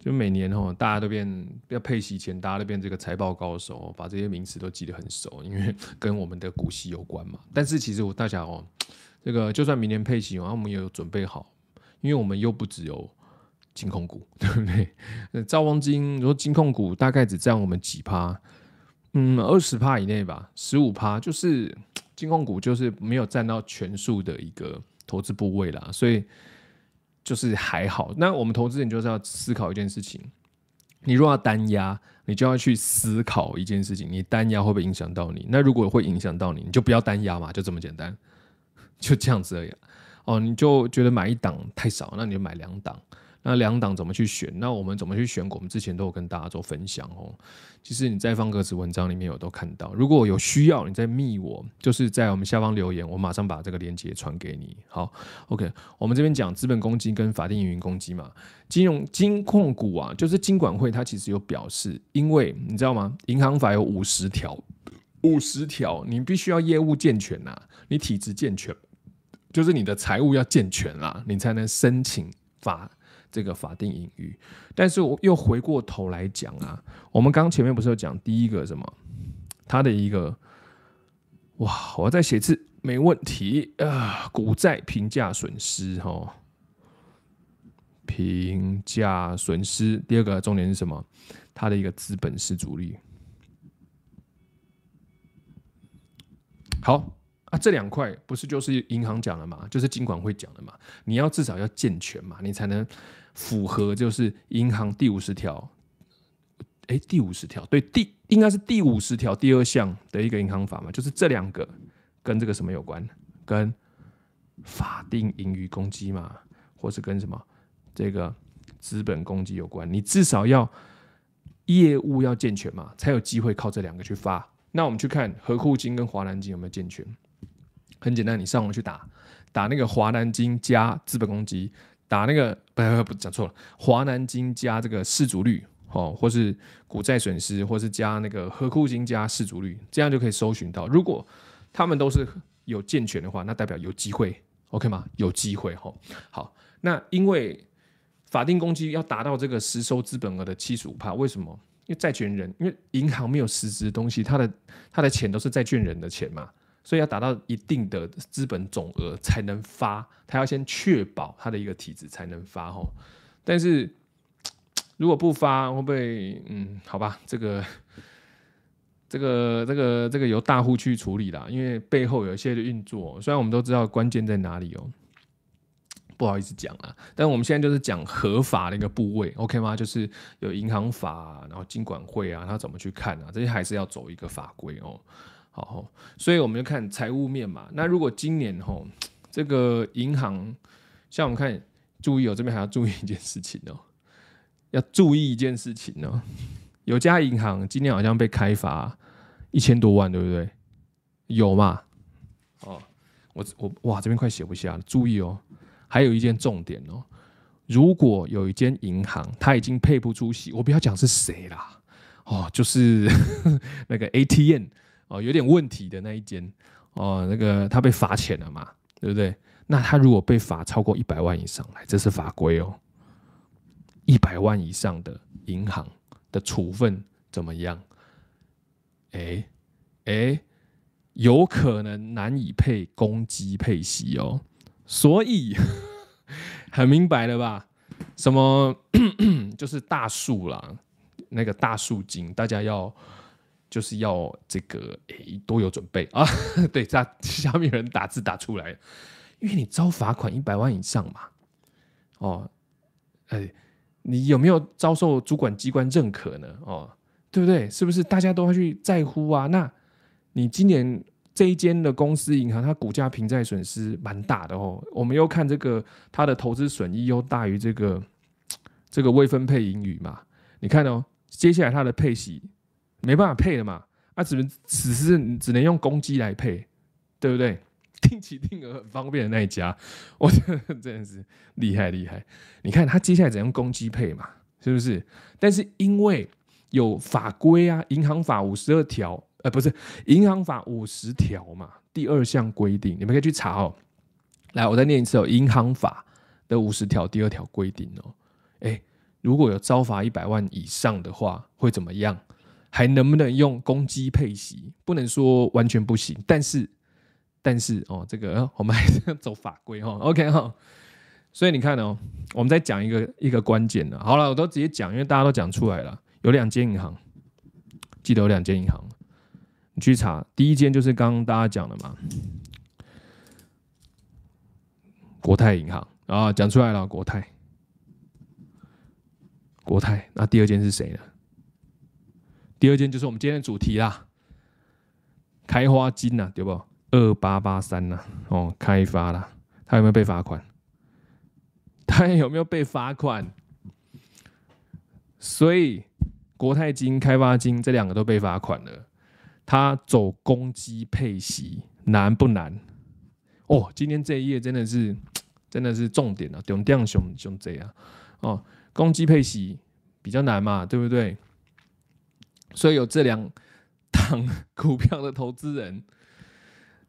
就每年吼、哦、大家都變要配息前，大家都變這個財報高手、哦，把這些名詞都記得很熟，因為跟我們的股息有關嘛。但是其實我大家哦，這個就算明年配息、哦，啊、我們也有準備好，因為我們又不只有金控股，對不對？那兆豐金，如果金控股大概只佔我們幾趴，嗯，二十趴以內吧，十五趴就是。金控股就是沒有占到全數的一個投資部位啦，所以就是還好。那我們投資人就是要思考一件事情，你如果要單押，你就要去思考一件事情，你單押會不會影響到你？那如果會影響到你，你就不要單押嘛，就這麼簡單，就這樣子而已。哦，你就覺得買一檔太少，那你就買兩檔。那兩檔怎麼去選？那我們怎麼去選？我們之前都有跟大家做分享哦。其實你在方格子文章裡面有都看到，如果有需要，你再密我，就是在我們下方留言，我馬上把這個鏈接傳給你。好，OK，我們這邊講資本公積跟法定盈餘公積嘛，金融金控股啊，就是金管會它其實有表示，因為你知道嗎？銀行法有五十條，五十條你必須要業務健全啊，你體質健全，就是你的財務要健全啦、啊，你才能申請法。這個法定盈餘，但是我又回過頭來講啊，我們剛前面不是有講第一個什麼，它的一個哇，我在寫字沒問題啊，股債評價損失哈、哦，評價損失。第二個重點是什麼？它的一個資本適足率。好啊，這兩塊不是就是銀行講的嘛，就是金管會講的嘛，你要至少要健全嘛，你才能符合就是銀行第五十條，哎，第五十條對，第應該是第五十條第二項的一個銀行法嘛，就是這兩個跟這個什麼有關？跟法定盈餘公積嘛，或是跟什麼這個資本公積有關？你至少要業務要健全嘛，才有機會靠這兩個去發。那我們去看合庫金跟華南金有沒有健全？很簡單，你上網去打打那個華南金加資本公積。打那個不，不講錯了，華南金加這個殖利率哦，或是股債損失，或是加那個合庫金加殖利率，這樣就可以搜尋到。如果他們都是有健全的話，那代表有機會，OK 嗎？有機會哈、哦。好，那因為法定公積要達到這個實收資本額的七十五趴，為什麼？因為債權人，因為銀行沒有實質東西，他的他的錢都是債權人的錢嘛。所以要達到一定的資本總額才能發，他要先確保他的一個體制，才能發吼。但是嘖嘖，如果不發，會不會嗯？好吧，這個這個這個這個由大戶去處理啦，因為背後有一些運作。雖然我們都知道關鍵在哪裡哦、喔，不好意思講啊，但我們現在就是講合法的一個部位，OK 嗎？就是有銀行法，然後金管會啊，他怎麼去看啊？這些還是要走一個法規哦、喔。好、哦，所以我們就看財務面嘛。那如果今年吼、哦，這個銀行像我們看，注意哦，這邊還要注意一件事情哦，要注意一件事情哦。有家銀行今年好像被開罰一千多萬，對不對？有嘛？哦，我我哇，這邊快寫不下了。注意哦，還有一件重點哦。如果有一間銀行，它已經配不出息，我不要講是誰啦，哦，就是呵呵那個 ATM。哦，有點問題的那一間，哦，那個他被罰錢了嘛，對不對？那他如果被罰超過一百萬以上，來，這是法規哦，一百萬以上的銀行的處分怎麼樣？哎、欸，哎、欸，有可能難以配公積配息哦，所以呵呵很明白了吧？什麼 就是大樹啦，那個大樹金，大家要。就是要這個誒、欸，多有準備啊！對，下下面有人打字打出來，因為你遭罰款一百萬以上嘛，哦，哎、欸，你有沒有遭受主管機關認可呢？哦，對不對？是不是大家都會去在乎啊？那你今年這一間的公司銀行，它股價平債損失蠻大的哦。我們又看這個它的投資損益又大於這個這個未分配盈餘嘛。你看哦，接下來它的配息。沒辦法配的嘛，啊，只能只是只能用公積來配，對不對？定期定額很方便的那一家，我真的是厲害厲害。你看他接下來怎樣公積配嘛，是不是？但是因為有法規啊，銀行法五十二條，呃，不是銀行法五十條嘛，第二項規定，你們可以去查哦。來，我再念一次哦，銀行法的五十條第二條規定哦，誒，如果有遭罰一百萬以上的話，會怎麼樣？還能不能用公積配息，不能說完全不行，但是，但是哦，這個我們還是要走法規哈、哦。OK 哈、哦，所以你看哦，我們再講一個一個關鍵的。好了，我都直接講，因為大家都講出來了。有兩間銀行，記得有兩間銀行，你去查。第一間就是剛剛大家講的嘛，國泰銀行啊、哦，講出來了，國泰，國泰。那第二間是誰呢？第二件就是我們今天的主題啦，開發金吶，對不？二八八三吶，哦，開發啦，他有沒有被罰款？他有沒有被罰款？所以國泰金、開發金這兩個都被罰款了。他走公積配息，難不難？哦，今天這一頁真的是，真的是重點啊！熊掉熊熊賊啊！哦，公積配息比較難嘛，對不對？所以有這兩檔股票的投資人，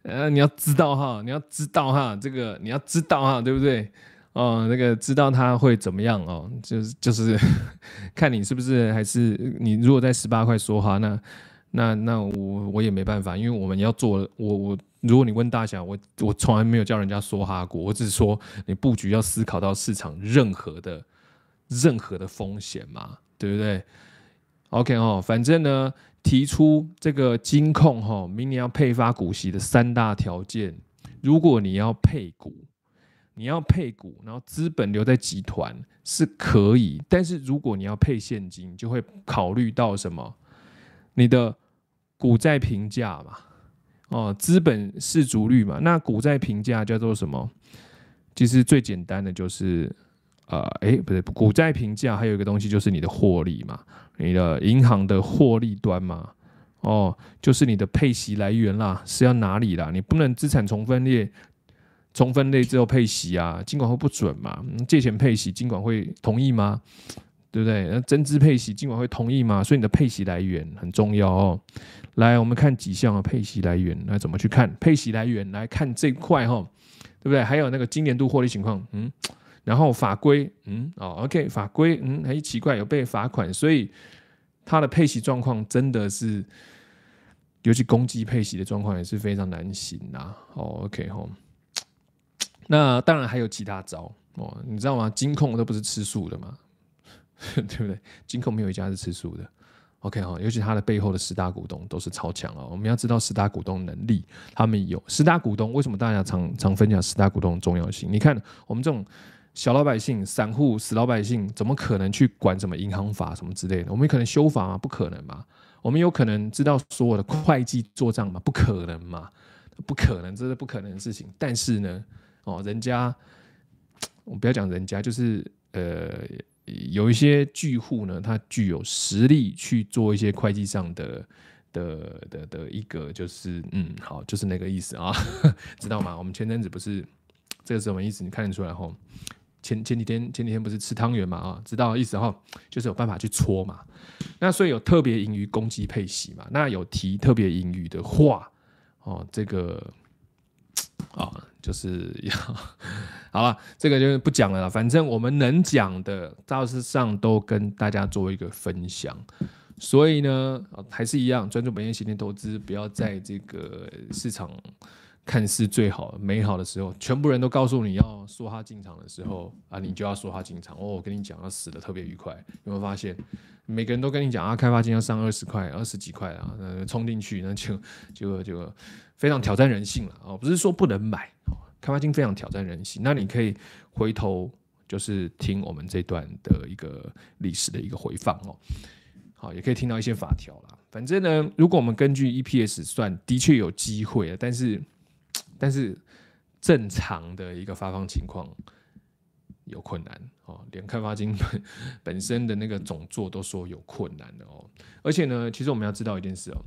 呃，你要知道哈，你要知道哈，這個你要知道哈，對不對？哦，那個知道他會怎麼樣哦，就是就是看你是不是，還是你如果在十八塊梭哈，那那那我我也沒辦法，因為我們要做我，我如果你問大俠，我我從來沒有叫人家梭哈過，我只是說你布局要思考到市場任何的任何的風險嘛，對不對？OK 哦，反正呢，提出這個金控哈，明年要配發股息的三大條件。如果你要配股，你要配股，然後資本留在集團是可以，但是如果你要配現金，就會考慮到什麼？你的股債評價嘛，哦，資本適足率嘛。那股債評價叫做什麼？其實最簡單的就是。呃，誒，不對，股債評價還有一個東西就是你的獲利嘛，你的銀行的獲利端嘛，哦，就是你的配息來源啦，是要哪裡啦？你不能資產重分類，重分類之後配息啊，金管會不准嘛？嗯、借錢配息，金管會同意嗎？對不對？那增資配息，金管會同意嗎？所以你的配息來源很重要哦。來，我們看幾項啊，配息來源，那怎麼去看？配息來源來看這塊哈、哦，對不對？還有那個今年度獲利情況，嗯。然後法規，嗯，哦，OK，法規，嗯，很奇怪有被罰款，所以他的配息狀況真的是，尤其攻擊配息的狀況也是非常難行吶、啊。哦，OK，吼、哦、那當然還有其他招哦，你知道嗎？金控都不是吃素的嘛，對不對？金控沒有一家是吃素的。OK，哈、哦，尤其他的背後的十大股東都是超強哦。我們要知道十大股東能力，他們有十大股東，為什麼大家常常分享十大股東的重要性？你看我們這種。小老百姓、散戶、死老百姓，怎麼可能去管什麼銀行法什麼之類的？我們可能修法嗎？不可能嘛？我們有可能知道所有的會計做賬嗎？不可能嘛？不可能，這是不可能的事情。但是呢，哦，人家，我們不要講人家，就是呃，有一些巨戶呢，他具有實力去做一些會計上的的的的，的一個，就是嗯，好，就是那個意思啊， 知道嗎？我們前陣子不是這個是什麼意思？你看得出來吼？前前幾天前幾天不是吃湯圓嘛啊，知道的意思哈，就是有辦法去搓嘛。那所以有特別盈餘公積配息嘛，那有提特別盈餘的話哦，這個啊、哦、就是要好了，這個就不講了啦。反正我們能講的，大致上都跟大家做一個分享。所以呢，哦、還是一樣，專注本業，十年投資，不要在這個市場。看似最好美好的時候，全部人都告訴你要說他進場的時候、嗯、啊，你就要說他進場哦。我跟你講，要死的特別愉快。有沒有發現，每個人都跟你講啊，開發金要上二十塊、二十幾塊啊，那衝進去那就就就非常挑戰人性了哦。不是說不能買，開發金非常挑戰人性。那你可以回頭就是聽我們這段的一個歷史的一個回放哦，好，也可以聽到一些法條啦。反正呢，如果我們根據 EPS 算，的確有機會，但是。但是正常的一個發放情況有困難哦，連開發金本身的那個總座都說有困難的哦。而且呢，其實我們要知道一件事哦，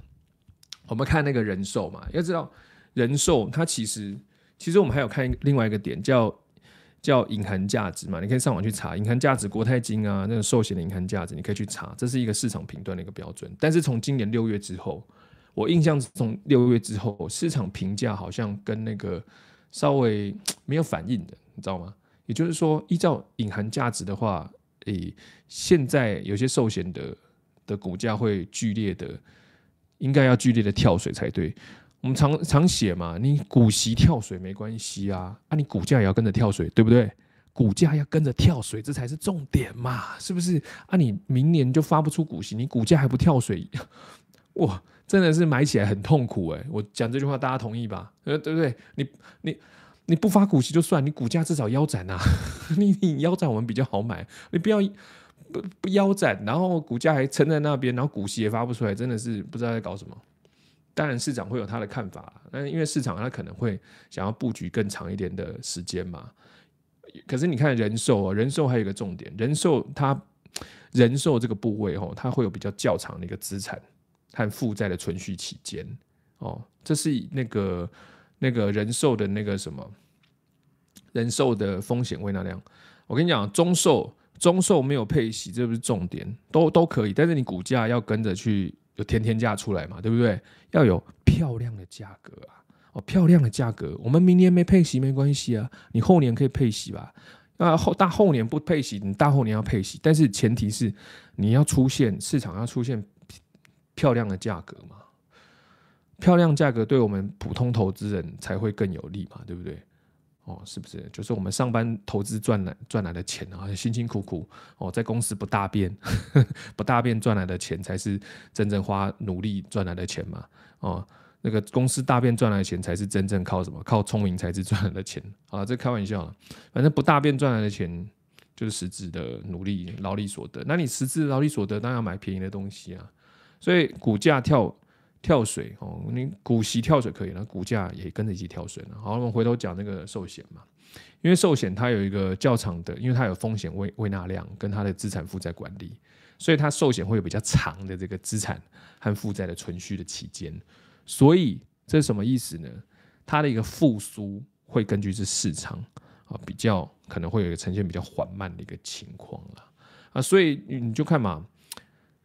我們看那個人壽嘛，要知道人壽它其實，其實我們還有看另外一個點叫叫隱含價值嘛。你可以上網去查隱含價值，國泰金啊那種壽險的隱含價值，你可以去查，這是一個市場評斷的一個標準。但是從今年六月之後。我印象是從六月之後，市場評價好像跟那個稍微沒有反應的，你知道嗎？也就是說，依照隱含價值的話，誒、欸，現在有些壽險的的股價會劇烈的，應該要劇烈的跳水才對。我們常常寫嘛，你股息跳水沒關係啊，啊，你股價也要跟着跳水，對不對？股價要跟着跳水，這才是重點嘛，是不是？啊，你明年就發不出股息，你股價還不跳水，哇！真的是買起來很痛苦哎！我講這句話，大家同意吧？呃，對不對？你、你、你不發股息就算，你股價至少腰斬啊！ 你、你腰斬我們比較好買，你不要不不腰斬，然後股價還撐在那邊，然後股息也發不出來，真的是不知道在搞什麼。當然市場會有他的看法，但是因為市場它可能會想要布局更長一點的時間嘛。可是你看人壽啊、喔，人壽還有一個重點，人壽它人壽這個部位哦、喔，它會有比較較長的一個資產。和負債的存續期間，哦，這是以那個那個人壽的那個什麼人壽的風險胃納量。我跟你講，中壽中壽沒有配息，這是不是重點，都都可以。但是你股價要跟着去有天天價出來嘛，對不對？要有漂亮的價格啊！哦，漂亮的價格，我們明年沒配息沒關係啊，你後年可以配息吧？那後大後年不配息，你大後年要配息，但是前提是你要出現市場要出現。漂亮的價格嘛，漂亮價格對我們普通投資人才會更有利嘛，對不對？哦，是不是？就是我們上班投資賺來賺來的錢啊，辛辛苦苦哦，在公司不大便呵呵不大便賺來的錢才是真正花努力賺來的錢嘛。哦，那個公司大便賺來的錢才是真正靠什麼？靠聰明才是賺來的錢好了，啊，這開玩笑，反正不大便賺來的錢就是實質的努力勞力所得。那你實質勞力所得，當然要買便宜的東西啊。所以股價跳跳水哦，你股息跳水可以，那股價也跟着一起跳水了。好，我們回頭講那個壽險嘛，因為壽險它有一個較長的，因為它有風險未胃納量跟它的資產負債管理，所以它壽險會有比較長的這個資產和負債的存續的期間。所以這是什麼意思呢？它的一個復甦會根據這市場啊、哦，比較可能會有一個呈現比較緩慢的一個情況了啊，所以你就看嘛。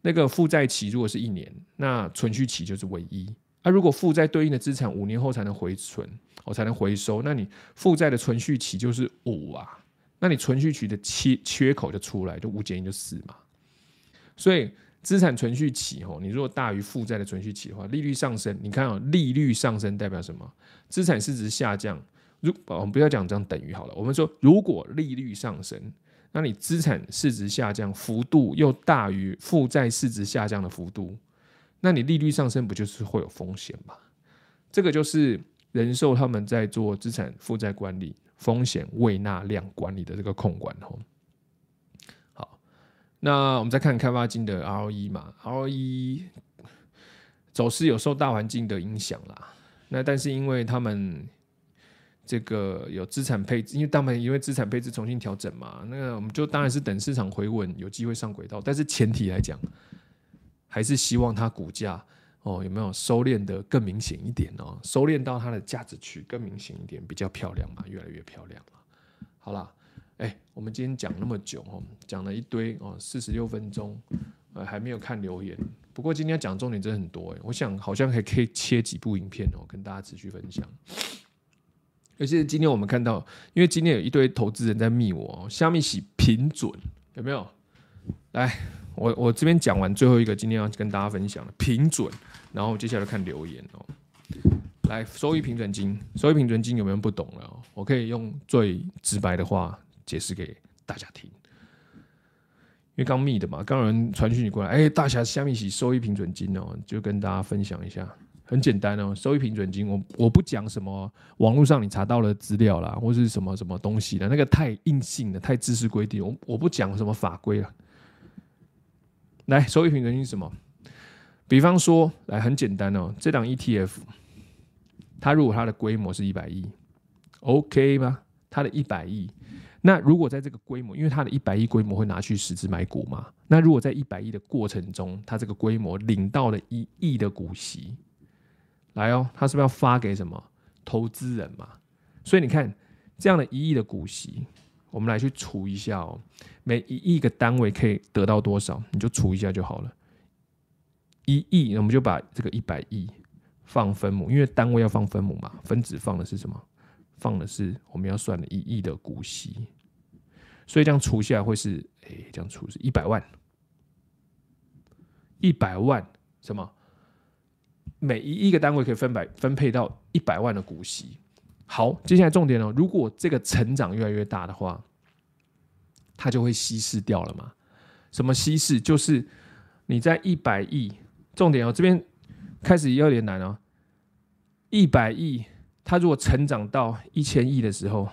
那個負債期如果是一年，那存續期就是為一。那、啊、如果負債對應的資產五年後才能回存，我、哦、才能回收，那你負債的存續期就是五啊，那你存續期的切缺口就出來，就五減一就四嘛。所以資產存續期吼、哦，你如果大於負債的存續期的話，利率上升，你看哦，利率上升代表什麼？資產市值下降。如我們不要講這樣等於好了，我們說如果利率上升。那你資產市值下降幅度又大於負債市值下降的幅度，那你利率上升不就是會有風險嗎？這個就是人壽他們在做資產負債管理、風險胃納量管理的這個控管吼。好，那我們再看開發金的 ROE 嘛，ROE 走勢有受大環境的影響啦。那但是因為他們這個有資產配置，因為當然因為資產配置重新調整嘛，那個、我們就當然是等市場回穩，有機會上軌道。但是前提來講，還是希望它股價哦有沒有收斂得更明顯一點哦，收斂到它的價值區更明顯一點，比較漂亮嘛，越來越漂亮了。好啦，哎、欸，我們今天講那麼久哦，講了一堆哦，四十六分鐘，呃還沒有看留言。不過今天要講的重點真的很多哎，我想好像還可以切幾部影片哦，跟大家持續分享。尤其是今天我們看到，因為今天有一堆投資人在密我哦，蝦米喜平準有沒有？來，我我這邊講完最後一個，今天要跟大家分享的平準，然後接下來看留言哦。來，收益平準金，收益平準金有沒有不懂的哦，我可以用最直白的話解釋給大家聽。因為剛密的嘛，剛有人傳訊你過來，哎，大俠蝦米喜收益平準金哦，就跟大家分享一下。很簡單哦、喔，收益平準金，我我不講什麼網絡上你查到的資料啦，或是什麼什麼東西的，那個太硬性的，太正式規定，我我不講什麼法規了。來，收益平準金是什麼？比方說，來，很簡單哦、喔，這檔 ETF，它如果它的規模是一百億，OK 嗎？它的一百億，那如果在這個規模，因為它的一百億規模會拿去實質買股嘛，那如果在一百億的過程中，它這個規模領到了一億的股息。來哦，他是不是要發給什麼投資人嘛？所以你看，這樣的一億的股息，我們來去除一下哦，每一億個單位可以得到多少，你就除一下就好了。一億，那我們就把這個一百億放分母，因為單位要放分母嘛。分子放的是什麼？放的是我們要算的一億的股息，所以這樣除下來會是，哎，這樣除是一百萬，一百萬什麼？每一億個單位可以分百分配到一百萬的股息。好，接下來重點哦。如果這個成長越來越大的話，它就會稀釋掉了嘛？什麼稀釋？就是你在一百億，重點哦，這邊開始有點難哦。一百億，它如果成長到一千億的時候，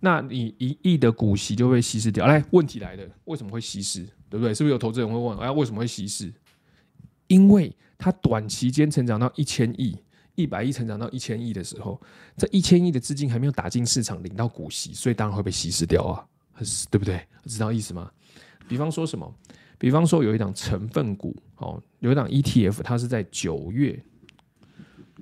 那你一億的股息就被稀釋掉。啊來，問題來了，為什麼會稀釋？對不對？是不是有投資人會問？哎，為什麼會稀釋？因為它短期間成長到一千億，一百億成長到一千億的時候，這一千億的資金還沒有打進市場領到股息，所以當然會被稀釋掉啊，對不對？知道意思嗎？比方說什麼？比方說有一檔成分股哦，有一檔 ETF，它是在九月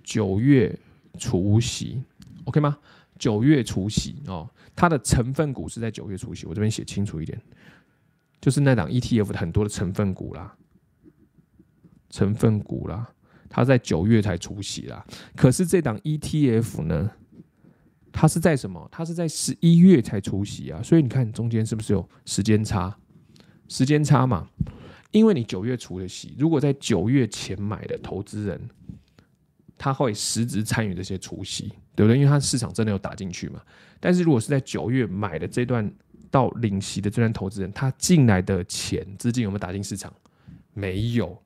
九月除息，OK 嗎？九月除息哦，它的成分股是在九月除息，我這邊寫清楚一點，就是那檔 ETF 的很多的成分股啦。成分股啦，它在九月才除息啦。可是這檔 ETF 呢，它是在什麼？它是在十一月才除息啊。所以你看中間是不是有時間差？時間差嘛，因為你九月除的息，如果在九月前買的投資人，他會實質參與這些除息，對不對？因為他市場真的有打進去嘛。但是如果是在九月買的這段到領息的這段投資人，他進來的錢資金有沒有打進市場？沒有。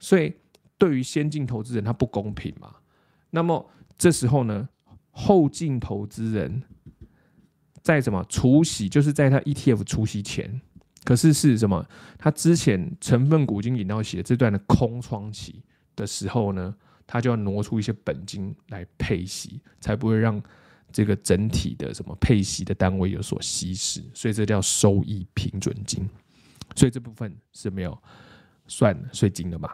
所以，對於先進投資人他不公平嘛？那麼這時候呢，後進投資人，在什麼除息，就是在他 ETF 除息前，可是是什麼？他之前成分股已經領到息的這段的空窗期的時候呢，他就要挪出一些本金來配息，才不會讓這個整體的什麼配息的單位有所稀釋。所以這叫收益平準金。所以這部分是沒有算稅金的嘛？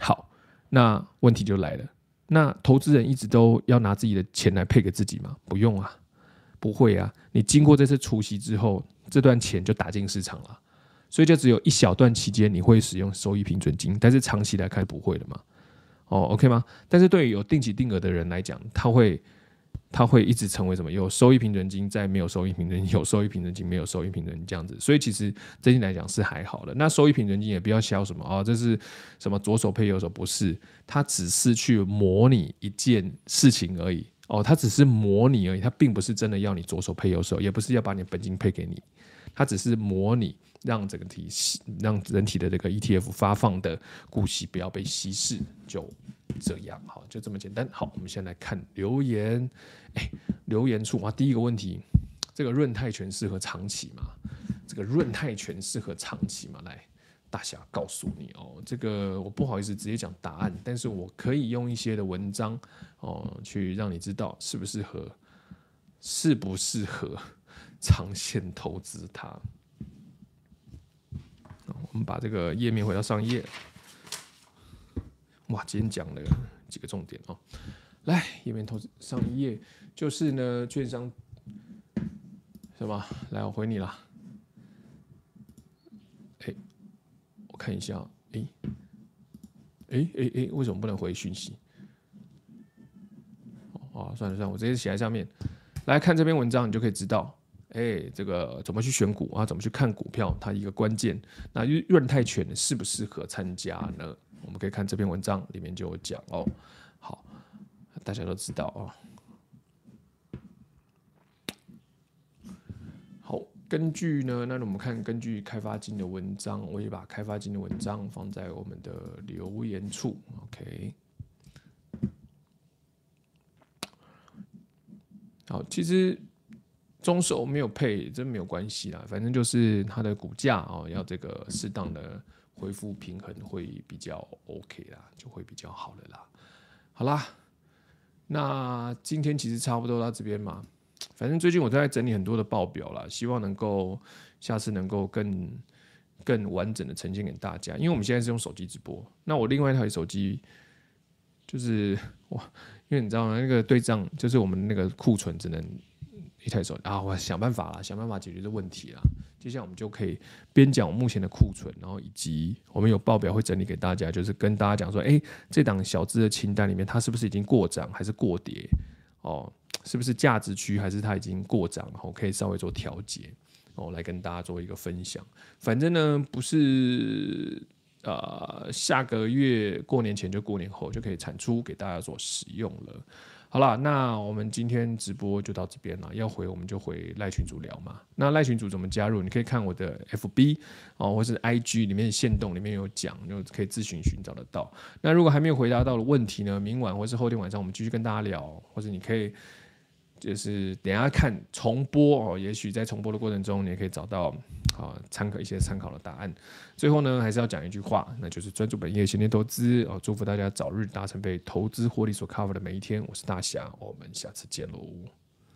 好，那問題就來了。那投資人一直都要拿自己的錢來配給自己嗎？不用啊，不會啊。你經過這次除息之後，這段錢就打進市場了，所以就只有一小段期間你會使用收益平準金，但是長期來看不會的嘛。哦，OK 嗎？但是對於有定期定額的人來講，他會。它會一直成為什麼？有收益平準金，再沒有收益平準金；有收益平準金，沒有收益平準金，這樣子。所以其實最近來講是還好的。那收益平準金也不要消什麼哦，這是什麼左手配右手不是？它只是去模擬一件事情而已哦，它只是模擬而已，它並不是真的要你左手配右手，也不是要把你本金配給你，它只是模擬讓整體讓人體的這個 ETF 發放的股息不要被稀釋就。這樣好，就這麼簡單。好，我們先來看留言。哎，留言處啊，第一個問題，這個潤泰全適合長期嗎？這個潤泰全適合長期嗎？來，大俠告訴你哦，這個我不好意思直接講答案，但是我可以用一些的文章哦，去讓你知道適不適合，適不適合長線投資它。哦，我們把這個頁面回到上頁。哇，今天講了幾個重點啊、哦！來，頁面投資上一頁，就是呢，券商，是吧？來，我回你了。哎，我看一下，哎，哎哎哎為什麼不能回訊息？哦、啊，算了算了，我直接寫在上面。來看這篇文章，你就可以知道，哎，這個怎麼去選股啊？怎麼去看股票？它一個關鍵，那潤泰全適不是適合參加呢？我們可以看這篇文章裡面就有講哦。好，大家都知道啊、哦。好，根據呢，那我們看根據開發金的文章，我也把開發金的文章放在我們的留言處。OK。好，其實中壽沒有配，真沒有關係啦，反正就是它的股價哦，要這個適當的。恢復平衡會比較 OK 啦，就會比較好了啦。好啦，那今天其實差不多到這邊嘛。反正最近我都在整理很多的報表啦，希望能夠下次能夠更更完整的呈現給大家。因為我們現在是用手機直播，那我另外一台手機就是哇，因為你知道嗎？那個對賬就是我們那個庫存只能。一抬手啊，我想辦法啦，想辦法解決這問題啦。接下來我們就可以邊講我目前的庫存，然後以及我們有報表會整理給大家，就是跟大家講說，哎、欸，這檔小資的清單裡面，它是不是已經過漲還是過跌？哦，是不是價值區還是它已經過漲？哦，可以稍微做調節，哦，來跟大家做一個分享。反正呢，不是，呃，下個月過年前就過年後就可以產出給大家做使用了。好了，那我們今天直播就到這邊了。要回我們就回賴群組聊嘛。那賴群組怎麼加入？你可以看我的 FB 哦，或是 IG 裡面的限動裡面有講，就可以自行尋找得到。那如果還沒有回答到的問題呢？明晚或是後天晚上我們繼續跟大家聊，或者你可以。就是等一下看重播哦，也許在重播的過程中，你也可以找到參考一些參考的答案。最後呢，還是要講一句話，那就是專注本業，閒錢投資哦。祝福大家早日達成被投資獲利所 cover 的每一天。我是大俠，我們下次見嘍。